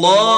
والله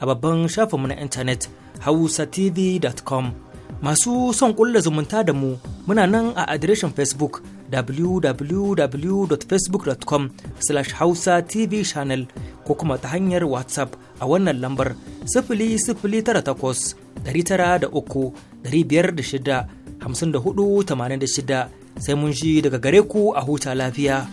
a babban shafinmu na intanet hausatv.com masu son kulla zumunta da mu muna nan a adireshin facebook www.facebook.com slash hausa tv channel ko kuma ta hanyar whatsapp a wannan lambar da shida hamsin da hudu tamanin da shida sai mun ji daga gare ku a huta lafiya.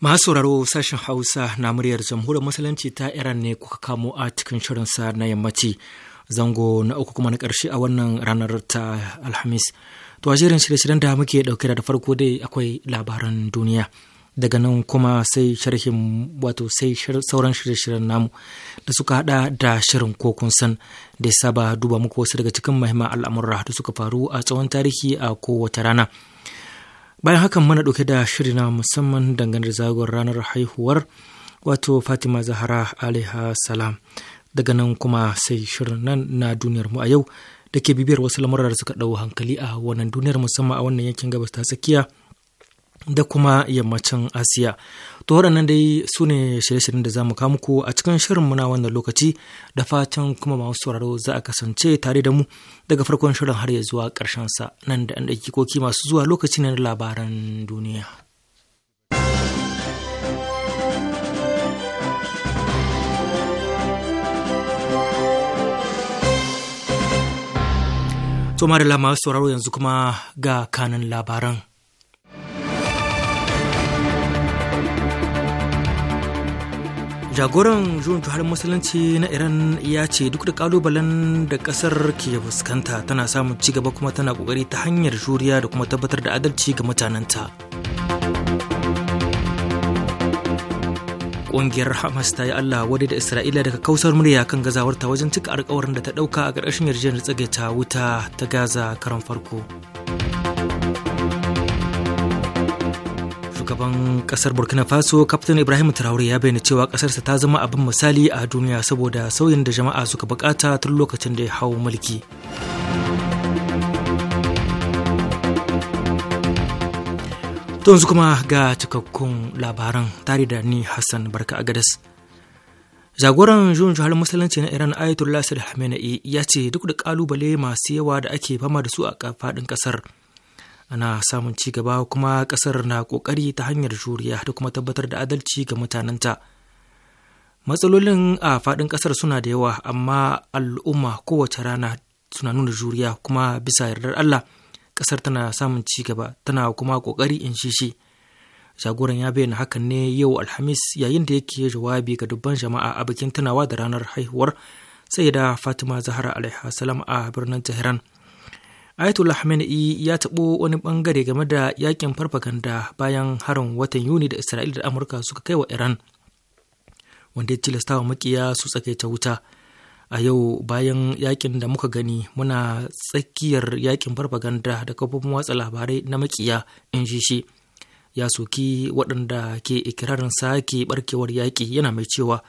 Masu sauraro sashen Hausa na muryar jamhuriyar Musulunci ta Iran ne kuka kamo a cikin shirinsa na yammaci. Zango na uku kuma na karshe a wannan ranar ta Alhamis. To a jerin shirye-shiryen da muke ɗauke da farko dai akwai labaran duniya. Daga nan kuma sai sharhin wato sai sauran shirye-shiryen namu da suka hada da shirin ko kun san da saba duba muku wasu daga cikin mahimman al'amura da suka faru a tsawon tarihi a kowace rana. bayan hakan mana ɗauke da shiri na musamman dangane da zagon ranar haihuwar wato fatima zahara alaiha salam daga nan kuma sai shirin nan na duniyar mu a yau da ke bibiyar wasu lamurra da suka ɗau hankali a wannan duniyar musamman a wannan yankin gabas ta tsakiya da kuma yammacin asiya to waɗannan dai su ne shirye-shiryen da za mu kawo muku a cikin shirin muna wannan lokaci da fatan kuma masu sauraro za a kasance tare da mu daga farkon shirin har ya zuwa ƙarshen sa nan da ɗan koki masu zuwa lokaci na labaran duniya To da masu sauraro yanzu kuma ga kanan labaran. jagoran juyin juhar musulunci na iran ya ce duk da kalubalen da kasar ke fuskanta tana samun cigaba kuma tana kokari ta hanyar juriya da kuma tabbatar da adalci ga mutanenta ƙungiyar hamas ta yi allah wadda da isra'ila daga kausar murya kan gazawarta wajen cika alkawarin da ta ɗauka a ƙarƙashin yarjejeniyar tsage wuta ta gaza karan farko shugaban kasar burkina faso kaftin ibrahim traore ya bayyana cewa kasarsa ta zama abin misali a duniya saboda sauyin da jama'a suka bukata tun lokacin da ya hau mulki yanzu kuma ga cikakkun labaran tare da ni hassan barka agadas jagoran jun juhar musulunci na iran ayatollah sir hamenei ya ce duk da kalubale masu yawa da ake fama da su a faɗin ƙasar kasar ana samun ci gaba kuma ƙasar na ƙoƙari ta hanyar juriya da kuma tabbatar da adalci ga mutanenta matsalolin a faɗin ƙasar suna da yawa amma al'umma kowace rana suna nuna juriya kuma bisa yardar allah ƙasar tana samun ci gaba tana kuma ƙoƙari in shi shi jagoran ya bayyana hakan ne yau alhamis yayin da yake jawabi ga dubban jama'a a bikin tunawa da ranar haihuwar sai da fatima zahra alaihi salam a birnin tehran Ayatollah Khamenei ya taɓo wani ɓangare game da yakin farfaganda bayan harin watan Yuni da Isra'ila da Amurka suka kai wa Iran, wanda ya tilastawa makiya su tsakaita wuta. A yau bayan yakin da muka gani muna tsakiyar yakin farfaganda da kafofin watsa labarai na makiya in shi shi. Ya soki waɗanda ke ikirarin sake barkewar yaƙi yana mai cewa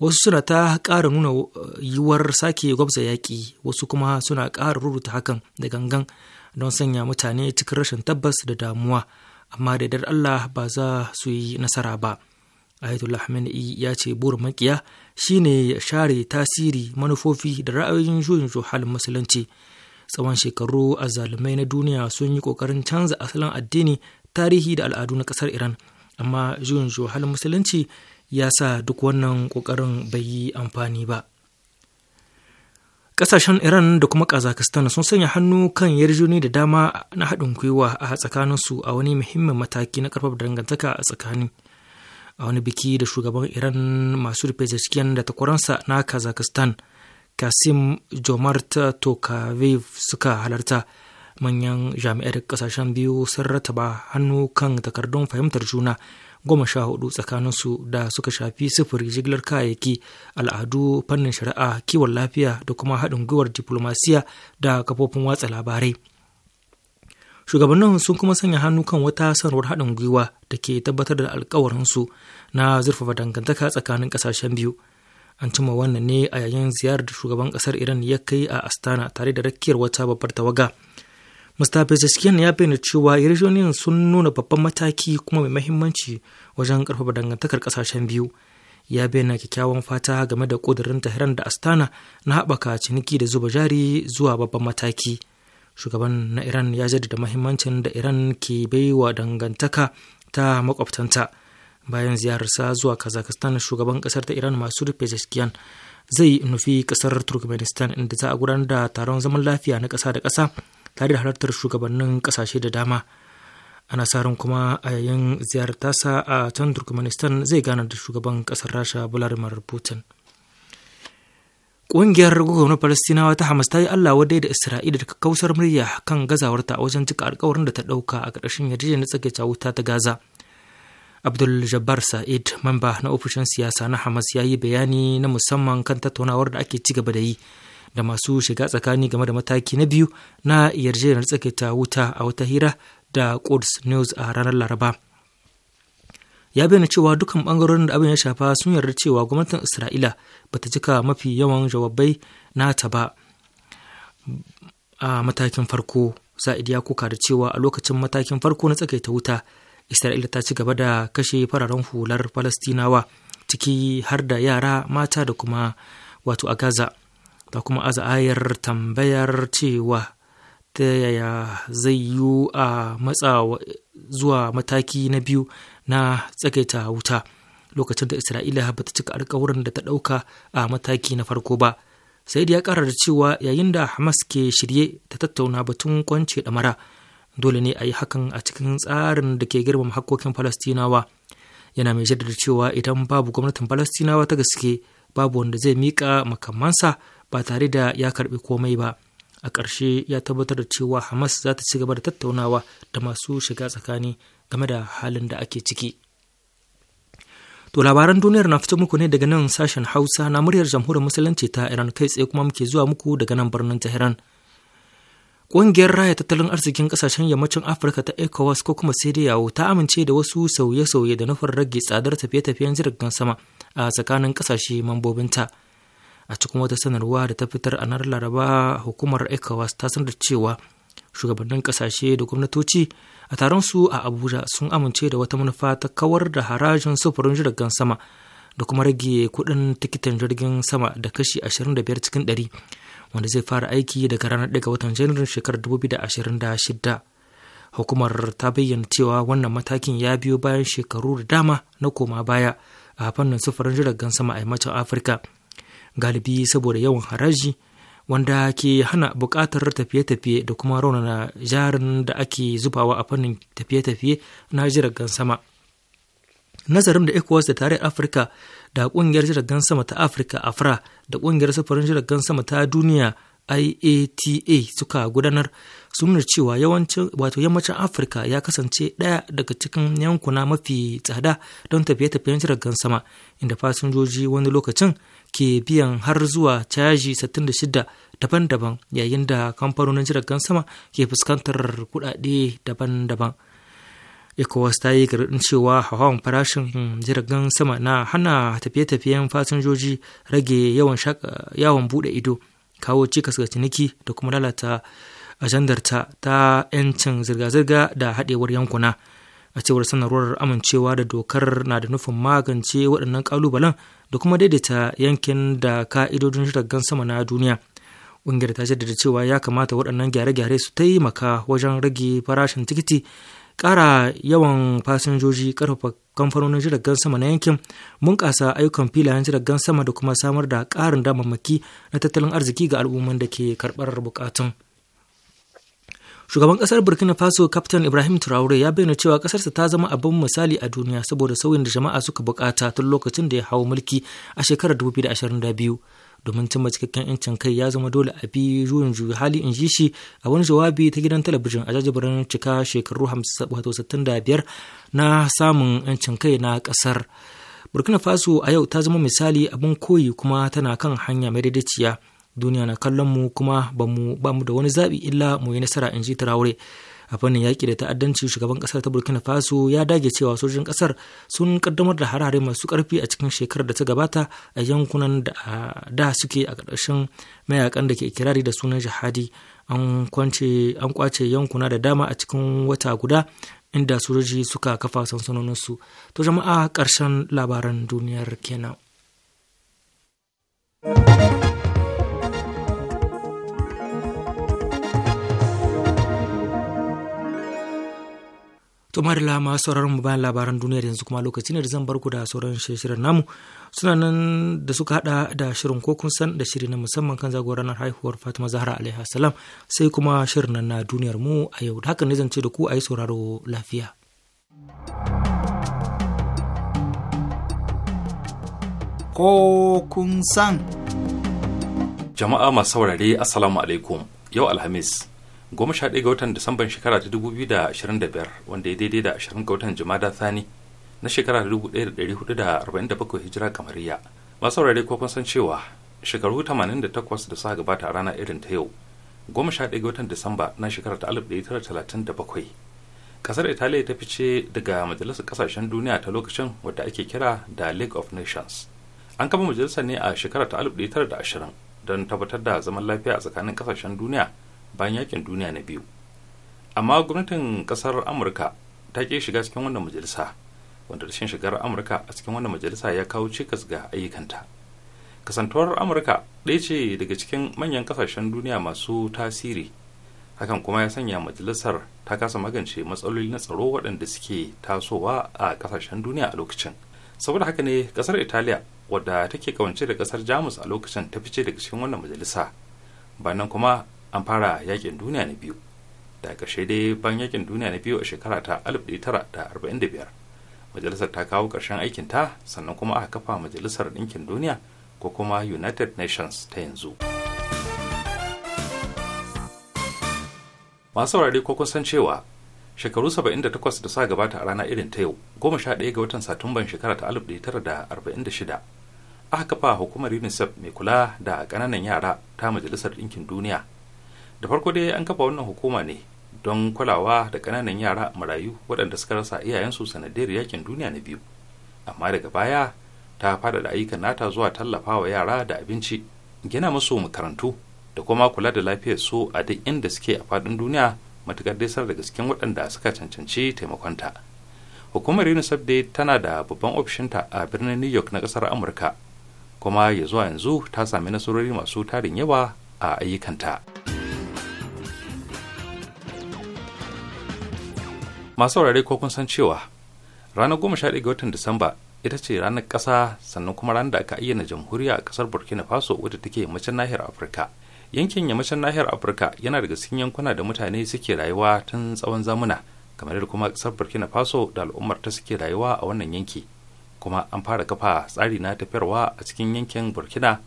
wasu suna ta ƙara nuna uh, yiwuwar sake gwamza yaƙi wasu kuma suna ƙara rubuta hakan da gangan don sanya mutane cikin rashin tabbas da damuwa amma da dar Allah ba za su yi nasara ba Ayatollah Khamenei ya ce burin makiya shine share tasiri manufofi da ra'ayoyin juyin halin musulunci tsawon shekaru azzalumai na duniya sun yi ƙoƙarin canza asalin addini tarihi da al'adu na ƙasar Iran amma juyin halin musulunci ya sa duk wannan ƙoƙarin bai yi amfani ba ƙasashen iran da kuma kazakistan sun sanya hannu kan yarjuni da dama na haɗin gwiwa a tsakaninsu a wani muhimmin mataki na ƙarfafa dangantaka a tsakani a wani biki da shugaban iran masu rufe da takwaransa na kazakistan kasim jomart tokavev suka halarta manyan jami'ar kasashen biyu sun rataba hannu kan takardun fahimtar juna goma sha hudu tsakanin su da suka shafi sufuri jigilar kayayyaki al'adu fannin shari'a kiwon lafiya da kuma haɗin gwiwar diplomasiya da kafofin watsa labarai shugabannin sun kuma sanya hannu kan wata sanarwar haɗin gwiwa da ke tabbatar da alkawarinsu na zurfafa dangantaka tsakanin ƙasashen biyu an cimma wannan ne a yayin ziyarar da shugaban ƙasar iran ya kai a astana tare da rakkiyar wata babbar tawaga Mr. Pezeskian ya bayyana cewa yarjejeniyar sun nuna babban mataki kuma mai mahimmanci wajen karfafa dangantakar kasashen biyu. Ya bayyana kyakkyawan fata game da ƙudurin Tehran da Astana na haɓaka ciniki da zuba jari zuwa babban mataki. Shugaban na Iran ya jaddada mahimmancin da Iran ke baiwa dangantaka ta makwabtanta. Bayan ziyararsa zuwa kazakistan shugaban ƙasar ta Iran masu Pezeskian zai nufi ƙasar Turkmenistan inda za a gudanar da taron zaman lafiya na ƙasa da ƙasa tare da halartar shugabannin kasashe da dama ana sa kuma a yayin ziyartarsa a can turkmenistan zai gana da shugaban kasar rasha vladimir putin Ƙungiyar gwamnatin palestinawa ta Hamas ta yi Allah wadai da Isra'ila da kausar murya kan gazawarta a wajen cika alkawarin da ta ɗauka a ƙarshen yarjejeniyar tsagaita wuta ta Gaza. Abdul Jabbar Sa'id, mamba na ofishin siyasa na Hamas ya yi bayani na musamman kan tattaunawar da ake ci gaba da yi da masu shiga tsakani game da mataki na biyu na yarjejeniyar tsakaita wuta a wata hira da Quds News a ranar Laraba. Ya bayyana cewa dukkan bangarorin da abin ya shafa sun yarda cewa gwamnatin Isra'ila bata cika mafi yawan jawabai nata ba a matakin farko. Sa'id ya kuka da cewa a lokacin matakin farko na tsakaita wuta, Isra'ila ta ci gaba da kashe fararen hular Falastinawa ciki har da yara, mata da kuma wato a Gaza. ta kuma aza tambayar cewa ta yaya zai yiwu a matsa zuwa mataki na biyu na tsakaita wuta lokacin da isra'ila ba ta cika alkawarin da ta ɗauka a mataki na farko ba sai da ya ƙara da cewa yayin da hamas ke shirye ta tattauna batun kwance ɗamara dole ne a yi hakan a cikin tsarin da ke girmama hakkokin falastinawa yana mai jaddada cewa idan babu gwamnatin falastinawa ta gaske babu wanda zai miƙa makamansa ba tare da ya karbi komai ba a ƙarshe ya tabbatar da cewa hamas za ta ci gaba da tattaunawa da masu shiga tsakani game da halin da ake ciki to labaran duniyar na fito muku ne daga nan sashen hausa na muryar jamhuriyar musulunci ta iran kai tsaye kuma muke zuwa muku daga nan birnin tehran Ƙungiyar raya tattalin arzikin ƙasashen yammacin Afirka ta ECOWAS ko kuma CDAO ta amince da wasu sauye-sauye da nufin rage tsadar tafiye-tafiyen jirgin sama a tsakanin ƙasashe mambobinta. a cikin wata sanarwa da ta fitar a nan laraba hukumar ecowas ta sanar cewa shugabannin kasashe da gwamnatoci a taron su a abuja sun amince da wata manufa ta kawar da harajin sufurin jiragen sama da kuma rage kuɗin tikitin jirgin sama da kashi 25 cikin 100 wanda zai fara aiki daga ranar 1 ga watan janairun shekarar 2026 hukumar ta bayyana cewa wannan matakin ya biyo bayan shekaru da dama na koma baya a fannin sufurin jiragen sama a yammacin afirka galibi saboda yawan haraji wanda ke hana buƙatar tafiye-tafiye da kuma raunana jarin da ake zubawa a fannin tafiye-tafiye na jiragen sama nazarin da ecowas da tare afirka da ƙungiyar jiragen sama ta afirka afra da ƙungiyar safarin jiragen sama ta duniya iata suka gudanar sun nuna cewa yawancin wato yammacin afirka ya kasance ɗaya daga cikin yankuna mafi tsada don tafiye-tafiyen jiragen sama inda fasinjoji wani lokacin ke biyan har zuwa caji 66 daban-daban yayin da kamfanonin jiragen sama ke fuskantar kudade daban-daban ecowas ta yi gargaɗin cewa hawan farashin jiragen sama na hana tafiye-tafiyen fasinjoji rage yawan buɗe ido kawo cikas ga ciniki da kuma lalata ajandarta ta 'yancin zirga-zirga da haɗewar yankuna. a cewar sanarwar amincewa da dokar na da nufin magance waɗannan ƙalubalen da kuma daidaita yankin da ka'idodin shirgan sama na duniya ƙungiyar ta jaddada cewa ya kamata waɗannan gyare-gyare su taimaka wajen rage farashin tikiti ƙara yawan fasinjoji ƙarfafa kamfanonin jiragen sama na yankin bunƙasa ayyukan filayen jiragen sama da kuma samar da ƙarin damammaki na tattalin arziki ga al'umman da ke karɓar buƙatun. Shugaban kasar Burkina Faso Captain Ibrahim Traore ya bayyana cewa kasarsa ta zama abin misali a duniya saboda sauyin da jama'a suka bukata tun lokacin da ya hawo mulki a shekarar 2022. Domin cimma cikakken 'yancin kai ya zama dole a bi juyin juyi hali in ji shi a wani jawabi ta gidan talabijin a jajibirin cika shekaru 65 na samun 'yancin kai na kasar. Burkina Faso a yau ta zama misali abin koyi kuma tana kan hanya mai daidaiciya duniya na kallon mu kuma ba mu ba mu da wani zaɓi illa mu yi nasara in ji Traore a fannin yaƙi da ta'addanci shugaban ƙasar ta Burkina Faso ya dage cewa sojojin ƙasar sun kaddamar da harare masu ƙarfi a cikin shekarar da ta gabata a yankunan da da suke a ƙarƙashin mayakan da ke kirari da sunan jihadi an kwance an kwace yankuna da dama a cikin wata guda inda sojoji suka kafa sansanoninsu to jama'a ƙarshen labaran duniyar kenan. thank To Marila masu sauraron mu bayan labaran duniyar yanzu kuma lokaci ne da zan barku da sauran shirin namu suna nan da suka hada da shirin ko kun san da shiri na musamman kan zagoranar haihuwar Fatima Zahra alaiha salam sai kuma shirin nan na duniyar mu a yau da haka ne zan ce da ku a yi sauraro lafiya. Ko kun san. Jama'a masu saurare Assalamu alaikum yau Alhamis goma sha ɗaya ga watan disamban shekara ta dubu biyu da ashirin da biyar wanda ya daidai da ashirin ga watan da sani na shekara ta dubu ɗaya da ɗari hudu da arba'in da bakwai hijira kamariya masu saurare ko kun san cewa shekaru tamanin da takwas da suka gabata a rana irin ta yau goma sha ɗaya ga watan disamba na shekara ta alif ɗaya tara talatin da bakwai ƙasar italiya ta fice daga majalisar ƙasashen duniya ta lokacin wadda ake kira da league of nations an kama majalisar ne a shekara ta alif ɗaya tara da ashirin don tabbatar da zaman lafiya a tsakanin ƙasashen duniya bayan yakin duniya na biyu amma gwamnatin ƙasar amurka ta ke shiga cikin wannan majalisa wanda rashin shigar amurka a cikin wannan majalisa ya kawo cikas ga ayyukanta kasantuwar amurka ɗaya ce daga cikin manyan kasashen duniya masu tasiri hakan kuma ya sanya majalisar ta kasa magance matsaloli na tsaro waɗanda suke tasowa a ƙasashen duniya a lokacin saboda haka ne ƙasar italiya wadda take kawance da ƙasar jamus a lokacin ta fice daga cikin wannan majalisa bayan kuma an fara yakin duniya na biyu da ƙarshe dai ban yakin duniya na biyu a shekara ta 1945 majalisar ta kawo ƙarshen aikin ta sannan kuma aka kafa majalisar ɗinkin duniya ko kuma united nations ta yanzu masu saurare ko kusan cewa shekaru 78 da sa gabata a rana irin ta yau 11 ga watan satumban shekara ta 1946 aka kafa hukumar unicef mai kula da ƙananan yara ta majalisar ɗinkin duniya da farko dai an kafa wannan hukuma ne don kulawa da ƙananan yara marayu waɗanda suka rasa iyayensu sanadiyar yakin duniya na biyu amma daga baya ta faɗaɗa ayyukan nata zuwa tallafa wa yara da abinci gina musu makarantu da kuma kula da lafiyar su a duk inda suke a faɗin duniya matuƙar dai sar da gasken waɗanda suka cancanci taimakonta hukumar unicef dai tana da babban ofishinta a birnin new york na ƙasar amurka kuma ya zuwa yanzu ta sami nasarori masu tarin yawa a ayyukanta. masu saurare ko kun san cewa ranar goma sha ga watan disamba ita ce ranar ƙasa sannan kuma ranar da aka ayyana jamhuriya a ƙasar burkina faso wadda take yammacin nahiyar afirka yankin yammacin nahiyar afirka yana daga cikin yankuna da mutane suke rayuwa tun tsawon zamuna kamar yadda kuma ƙasar burkina faso da al'ummar ta suke rayuwa a wannan yanki kuma an fara kafa tsari na tafiyarwa a cikin yankin burkina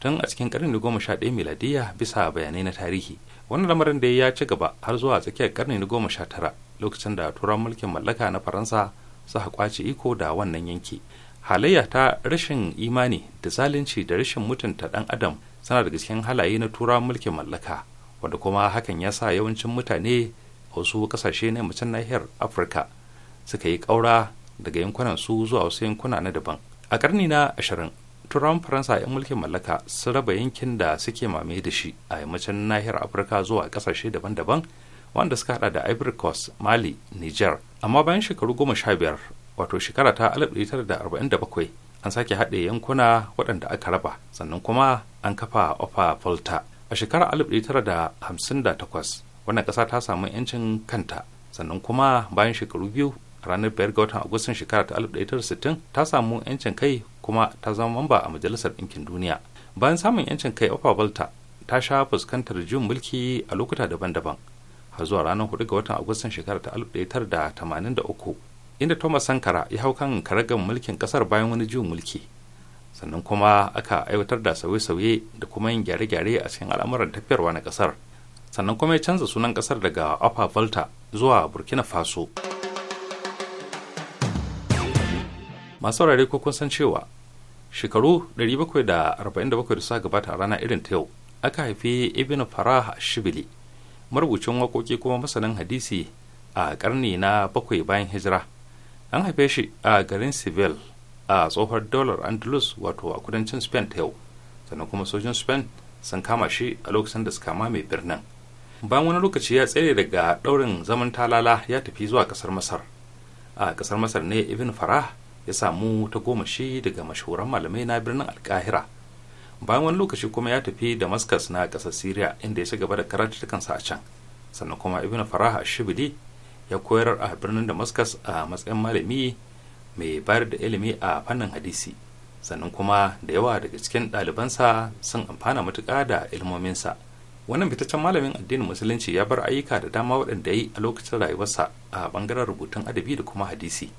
tun a cikin karni na goma sha ɗaya miladiyya bisa bayanai na tarihi wannan lamarin da ya ci gaba har zuwa tsakiyar karni na goma sha tara lokacin da turan mulkin mallaka na faransa su kwace iko da wannan yanki halayya ta rashin imani da zalunci da rashin mutunta dan adam suna daga cikin halaye na turan mulkin mallaka wanda kuma hakan ya sa yawancin mutane a wasu kasashe na yammacin nahiyar afirka suka yi ƙaura daga yankunan su zuwa wasu yankuna na daban a karni na ashirin turawan faransa 'yan mulkin mallaka su raba yankin da suke mame da shi a yammacin nahiyar afirka zuwa kasashe daban-daban wanda suka hada da ivory coast mali niger amma bayan shekaru goma sha biyar wato shekara ta 1947 an sake haɗe yankuna waɗanda aka raba sannan kuma an kafa ofa volta a shekarar 1958 wannan ƙasa ta samu 'yancin kanta sannan kuma bayan shekaru biyu ranar biyar ga watan agustan shekara ta 1960 ta samu 'yancin kai kuma ta zama mamba a majalisar ɗinkin duniya bayan samun 'yancin kai ofa volta ta sha fuskantar jin mulki a lokuta daban-daban har zuwa ranar 4 ga watan agustan shekarar ta 1983 inda thomas sankara ya hau kan karagan mulkin kasar bayan wani juyin mulki sannan kuma aka aiwatar da sauye-sauye da kuma yin gyare-gyare a cikin al'amuran tafiyarwa na kasar sannan kuma ya canza sunan kasar daga upper volta zuwa burkina faso masu rare ko kun san cewa shekaru 747 da suka gabata a rana irin ta yau aka haifi ibn farah shibili marubucin wakoki kuma masanin hadisi a karni na bakwai bayan hijira an haife shi a garin seville a tsohon dollar andalus wato a kudancin spain ta yau sannan kuma sojin spain sun kama shi a lokacin da suka mame birnin bayan wani lokaci ya tsere daga daurin zaman talala ya tafi zuwa kasar masar a kasar masar ne ibn farah ya samu ta goma shi daga mashahuran malamai na birnin alkahira bayan wani lokaci kuma ya tafi damascus na ƙasar syria inda ya ci gaba da karatukansa a can sannan kuma ibn faraha shibidi ya koyar a birnin damascus a matsayin malami mai bayar da ilimi a fannin hadisi sannan kuma da yawa daga cikin ɗalibansa sun amfana matuƙa da ilmominsa wannan fitaccen malamin addinin musulunci ya bar ayyuka da dama waɗanda ya yi a lokacin rayuwarsa a bangaren rubutun adabi da kuma hadisi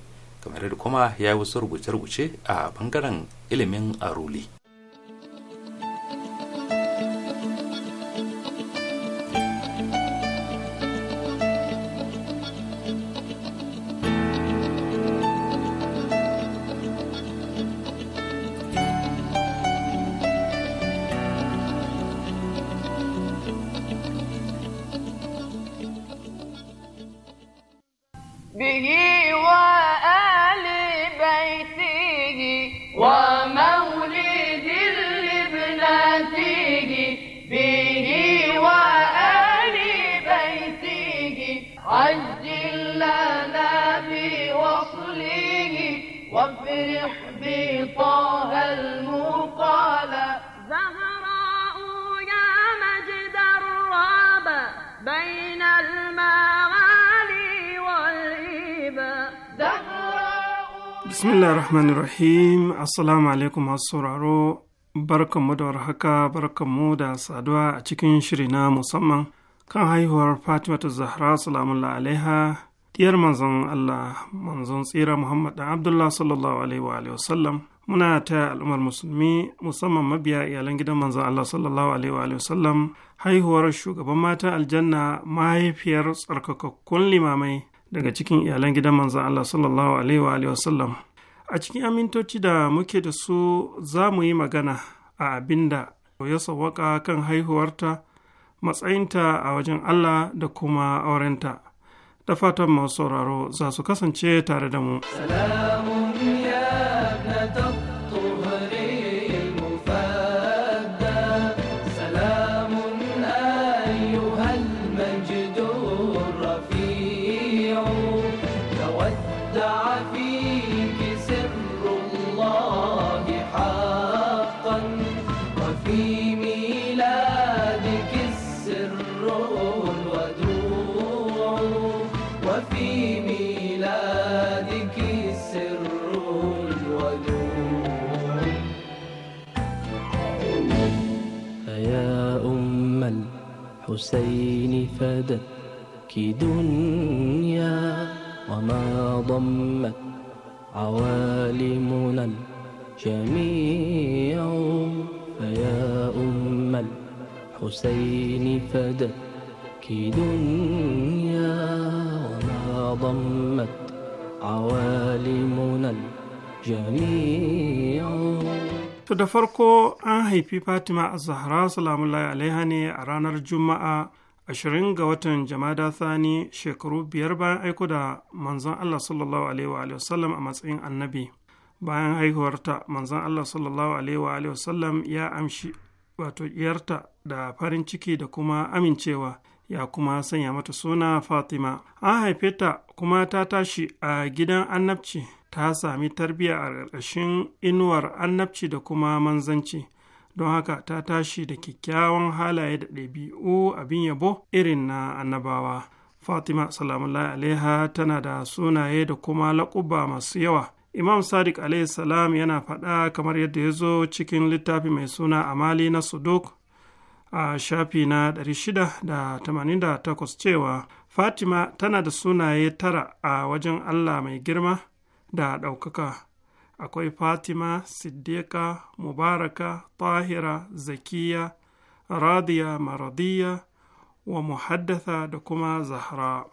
kamar da kuma ya yi wasu rubuce-rubuce a bangaren ilimin aruli. what? bismillah rahmanir rahim assalamu alaikum masu sauraro mu da warhaka mu da saduwa a cikin shiri na musamman kan haihuwar fatimatu zahra salamullah alaiha diyar manzon allah manzon tsira muhammad dan abdullah sallallahu alaihi wa alihi wasallam muna ta al'ummar musulmi musamman mabiya iyalan gidan manzon allah sallallahu alaihi wa alihi wasallam haihuwar shugaban Mata aljanna mahaifiyar tsarkakakkun limamai daga cikin iyalan gidan manzon Allah sallallahu alaihi wa alihi wasallam a cikin amintoci da muke da su za mu yi magana a abin da ya sawwaka kan haihuwarta matsayinta a wajen Allah da kuma aurenta da fatan masu sauraro za su kasance tare da mu. الحسين فدك دنيا وما ضمت عوالمنا الجميع فيا أم الحسين فدك دنيا وما ضمت عوالمنا الجميع To da farko an haifi Fatima a Zahra salamullahi alaiha ne a ranar Juma'a ashirin ga watan jama'a Thani shekaru biyar bayan aiko da manzon Allah sallallahu alaihi wa sallam a matsayin annabi. Bayan haihuwarta manzon Allah sallallahu alaihi wa sallam ya amshi wato iyarta da farin ciki da kuma amincewa ya kuma sanya mata suna Fatima. An haife ta kuma ta tashi a gidan annabci ta sami tarbiyya a ƙarƙashin inuwar annabci da kuma manzanci don haka ta tashi da kyakkyawan halaye da ɗabi'u abin yabo irin na annabawa fatima salamullahi alaiha tana da sunaye da kuma laƙuba masu yawa imam sadiq alaihi salam yana faɗa kamar yadda ya zo cikin littafi mai suna amali na suduk a shafi na 688 cewa fatima tana da sunaye tara a wajen allah mai girma da ɗaukaka akwai fatima siddiqa mubaraka tahira zakiya radiya maradiya wa muhaddatha da kuma zahra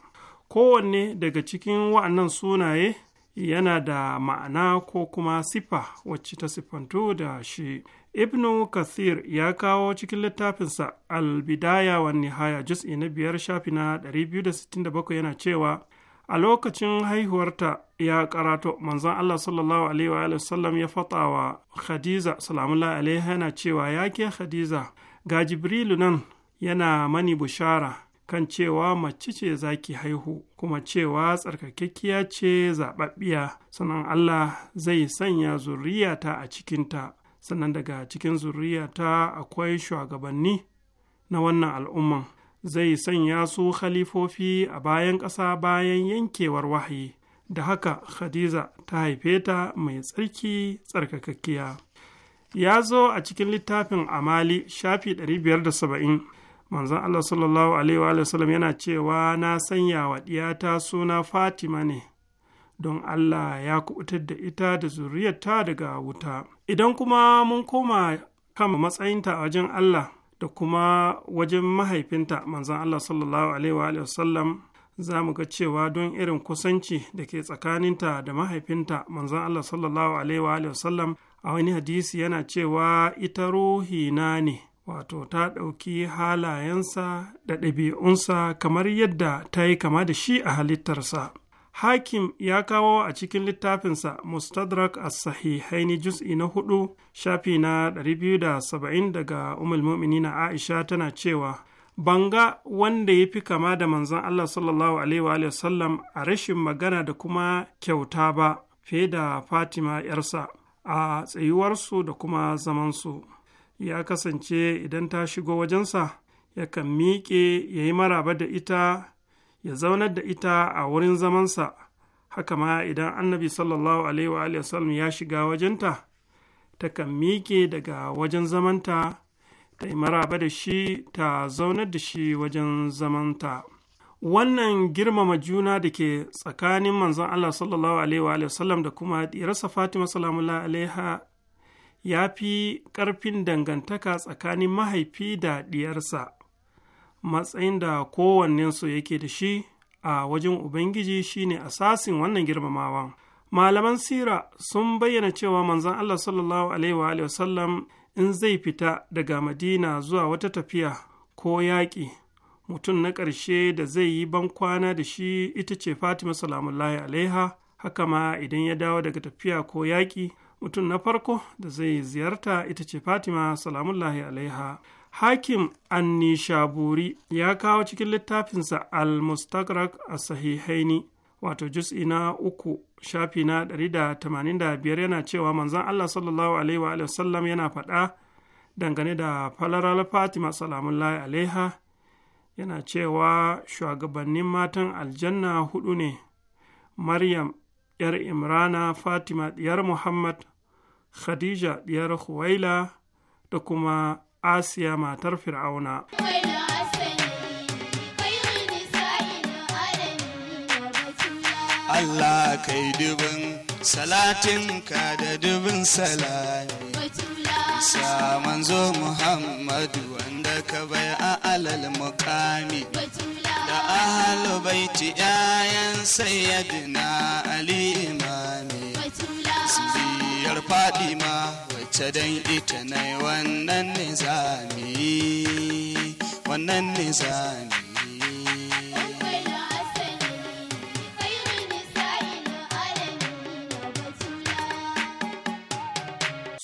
kowanne daga cikin wa'annan sunaye yana da ma'ana ko kuma sifa wacce ta siffantu da shi ibnu kathir ya kawo cikin littafinsa albidaya wa nihaya jus'i na biyar shafi na 267 yana cewa a lokacin haihuwarta ya karato manzon Allah sallallahu alaihi wa sallam ya faɗa wa Khadiza salamullahi alaiha yana cewa ya ke Khadiza ga Jibrilu nan yana mani bushara kan cewa mace ce zaki haihu kuma cewa tsarkakekkiya ce zaɓaɓɓiya sannan Allah zai sanya zuriyata a cikinta sannan daga cikin zuriyata akwai shugabanni na wannan al'umman zai sanya su khalifofi a bayan ƙasa bayan yankewar wahayi da haka khadiza ta haife ta mai tsarki tsarkakakkiya ya zo a cikin littafin amali shafi 570 manzan allah sallallahu alaihi wa sallam yana cewa na sanya wa ɗiyata suna fatima ne don allah ya kubutar da ita da zuriyarta daga wuta idan kuma mun koma kama matsayinta a wajen allah da kuma wajen mahaifinta manzan Allah sallallahu alaihi wasallam za mu ga cewa don irin kusanci da ke tsakaninta da mahaifinta manzan Allah sallallahu alaihi wasallam a wani hadisi yana cewa ita ruhi na ne wato ta ɗauki halayensa da ɗabi'unsa kamar yadda ta yi kama da shi a halittarsa. hakim ya kawo a cikin littafinsa mustadrak as-sahihaini juz'i na hudu shafi na 270 daga umul mu'minina aisha tana cewa banga wanda ya fi kama da manzon allah sallallahu alaihi wa sallam a rashin magana da kuma kyauta ba fiye da fatima yarsa a tsayuwarsu da kuma zamansu ya kasance idan ta shigo wajensa yakan miƙe ya yi maraba da ita ya zaunar da ita a wurin zamansa haka ma idan annabi sallallahu alaihi wa ya shiga wajenta ta kan miƙe daga wajen zamanta ta yi maraba da shi ta zaunar da shi wajen zamanta wannan girmama juna da ke tsakanin manzon Allah sallallahu alaihi wa da kuma ɗirarsa Fatima salamullah alaiha ya fi ƙarfin dangantaka tsakanin mahaifi da ɗiyarsa matsayin da kowannensu yake da shi a wajen ubangiji shine asasin wannan girmamawa malaman sira sun bayyana cewa manzon allah sallallahu alaihi wasallam in zai fita daga madina zuwa wata tafiya ko yaƙi mutum na ƙarshe da zai yi bankwana da shi ita ce fatima salamullahi alaiha haka ma idan ya dawo daga tafiya ko yaƙi mutum na farko da zai ziyarta ita ce fatima salamullahi alaiha hakim annishaburi ya kawo cikin littafinsa al mustakrak a sahihaini wato jus'i na uku shafi na 185 yana cewa manzon allah sallallahu alaihi wa sallam yana faɗa dangane da falaral fatima salamullahi alaiha yana cewa shugabannin matan aljanna hudu ne maryam ‘yar imrana fatima ɗiyar muhammad khadija ɗiyar huwaila da kuma asiya matar fir'auna Allah kai dubin ka da dubin salami saman zo Muhammadu wanda ka bai a alal mukami da ahalu baiti yayan sayyadina Ali imami su ƙaunar ma wacce dan ita nai wannan ne zami wannan ne zami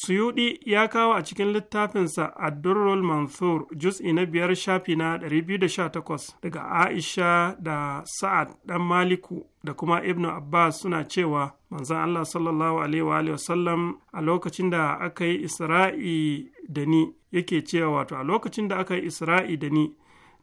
suyuɗi ya kawo a cikin littafinsa Addurrul Mansur juz'i na biyar shafi na 218 daga Aisha da Sa'ad ɗan Maliku da kuma Ibnu Abbas suna cewa manzon Allah sallallahu alaihi wa sallam a lokacin da aka yi Isra'i da ni yake cewa wato a lokacin da aka yi Isra'i da ni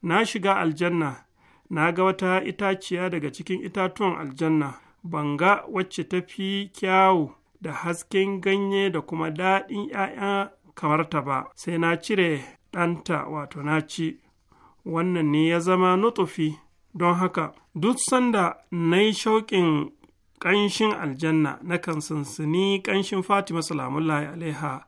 na shiga aljanna na ga wata itaciya daga cikin itatuwan aljanna ban ga wacce ta fi kyawu da hasken ganye da kuma daɗin ‘ya'ya kamar ta ba, sai na cire ɗanta wato na ci, wannan ne ya zama nutufi don haka, duk sanda na yi shauƙin ƙanshin aljanna na kan sansani ƙanshin Fatima salamullahi alaiha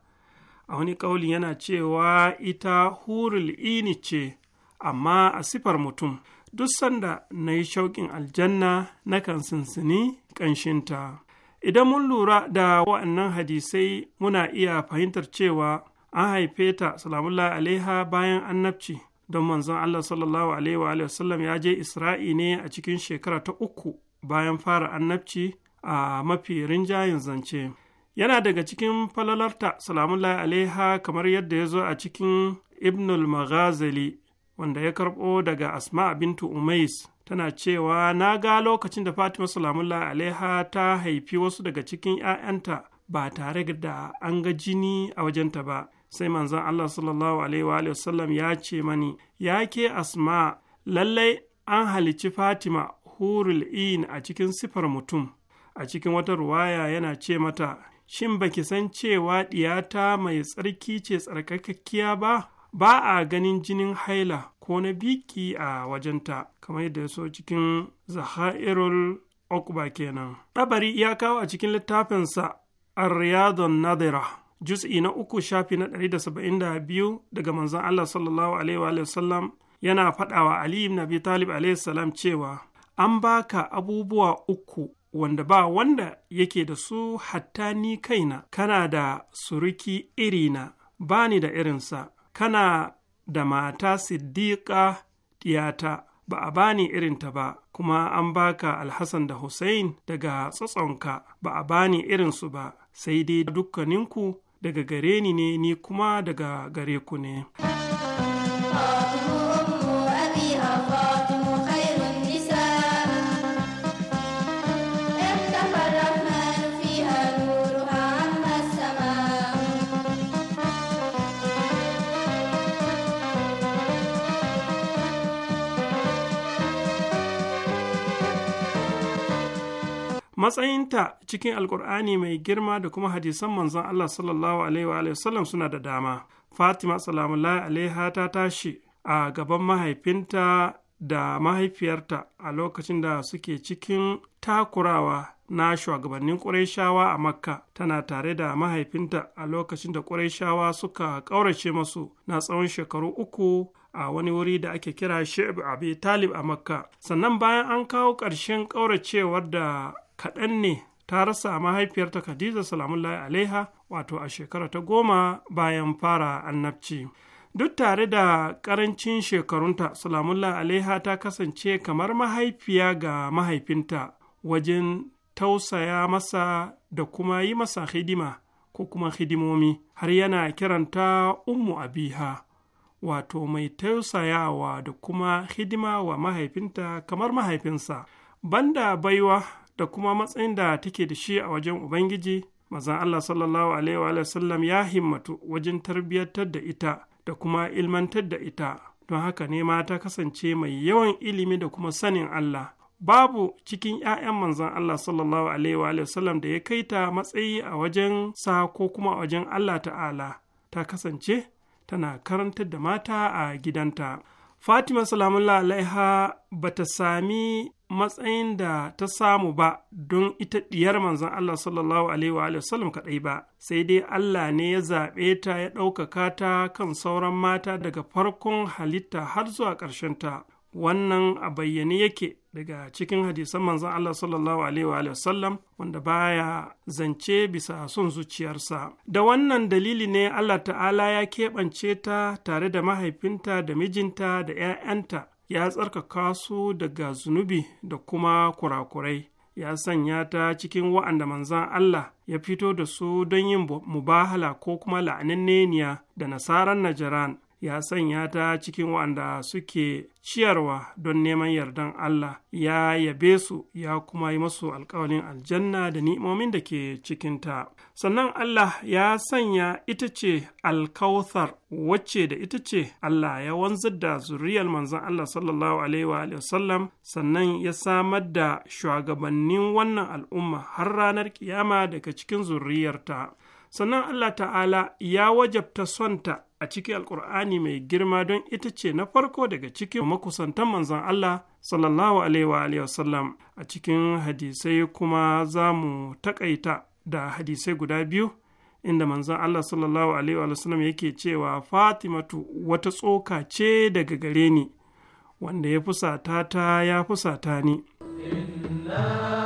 a wani ƙauli yana cewa ita hurul ini ce, amma a sifar mutum. duk sanda na yi shauƙin aljanna na kan sinsini ƙanshinta idan mun lura da wa'annan hadisai muna iya fahimtar cewa an haife ta salamullahi alaiha bayan annabci don manzon Allah sallallahu alaihi wa ya je Isra'i ne a cikin shekara ta uku bayan fara annabci a mafi rinjayen zance. Yana daga cikin falalarta salamullahi alaiha kamar yadda ya zo a cikin Ibnul magazali wanda ya karɓo daga Asma'a bintu Umais tana cewa na ga lokacin da fatima salamullah alaiha ta haifi wasu daga cikin 'ya'yanta ba tare da an ga jini a wajenta ba sai manzon allah sallallahu alaihi wa ya ce mani ya ke asma lallai an halici fatima hurul in a cikin sifar mutum a cikin wata ruwaya yana ce mata shin baki san cewa ɗiyata mai tsarki ce tsarkakakkiya ba ba a ganin jinin haila ko na biki a wajenta kamar yadda so cikin zaha'irul okba kenan ɗabari ya kawo a cikin littafinsa ar-riyadun nadira juz'i na uku shafi na 172 daga manzon Allah sallallahu alaihi wa sallam yana faɗawa Ali ibn Abi Talib alaihi salam cewa an baka abubuwa uku wanda ba wanda yake da su hatta ni kaina kana da suruki irina bani da irinsa kana da mata siddiƙa ɗiyata ba a bani irinta ba kuma an baka alhassan da hussain daga tsatsonka ba a bani irinsu ba sai dai dukkaninku daga gare ni ne ni kuma daga gare ku ne. matsayinta cikin alkur'ani mai girma da kuma hadisan manzon Allah sallallahu alaihi wa sallam suna da dama Fatima salamullahi alaiha ta tashi a gaban mahaifinta da mahaifiyarta a lokacin da suke cikin takurawa na shugabannin ƙurayshawa a makka tana tare da mahaifinta a lokacin da ƙurayshawa suka ƙaurace masu na tsawon shekaru uku a wani wuri da ake kira shi'ib abi talib a makka sannan bayan an kawo ƙarshen ƙauracewar da kaɗan ne ta rasa mahaifiyarta Khadija salamullahi alaiha wato a shekara ta goma bayan fara annabci. Duk tare da ƙarancin shekarunta salamullahi alaiha ta kasance kamar mahaifiya ga mahaifinta wajen tausaya masa da kuma yi masa hidima ko kuma hidimomi har yana kiranta ummu abiha wato mai tausayawa da kuma hidima wa mahaifinta kamar mahaifinsa banda baiwa da kuma matsayin da take da shi a wajen ubangiji mazan allah sallallahu alaihi wa sallam ya himmatu wajen tarbiyyantar da ita da kuma ilmantar da ita don haka ne ma ta kasance mai yawan ilimi da kuma sanin allah babu cikin 'ya'yan manzan Allah sallallahu alaihi wa sallam da ya kai ta matsayi a wajen sa ko kuma a wajen Allah ta'ala ta kasance tana karantar da mata a gidanta. fatima salamullah alaiha ba ta sami matsayin da ta samu ba don ita diyar manzon Allah sallallahu alaihi wa sallam kaɗai ba sai dai Allah ne ya zaɓe ta ya ɗaukaka ta kan sauran mata daga farkon halitta har zuwa ƙarshenta wannan a bayyane yake daga cikin hadisan manzon Allah sallallahu alaihi wa sallam wanda baya zance bisa son zuciyarsa da wannan dalili ne Allah ta'ala ya keɓance ta tare da mahaifinta da mijinta da 'ya'yanta ya tsarkaka su daga zunubi da kuma kurakurai ya sanya ta cikin wa'anda manzan Allah ya fito da su don yin mubahala ko kuma la'ananneniya da nasaran Najaran ya sanya ta cikin waɗanda suke ciyarwa don neman yardan Allah ya yabe su ya kuma yi masu alkawalin aljanna da ni'imomin da ke cikinta sannan Allah ya sanya ita ce alkawthar wacce da ita ce Allah ya wanzar da zuriyar manzon Allah sallallahu alaihi wa sallam sannan ya samar da shugabannin wannan al'umma har ranar kiyama daga cikin zuriyarta sannan Allah ta'ala ya wajabta sonta a cikin alkur'ani mai girma don ita ce na farko daga cikin makusantan manzon Allah sallallahu alaihi wasallam a cikin hadisai kuma za mu takaita da hadisai guda biyu inda manzon Allah sallallahu alaihi wasallam yake cewa Fatimatu wata tsoka ce daga gare ni wanda ya fusata ta ya fusata ni. Inna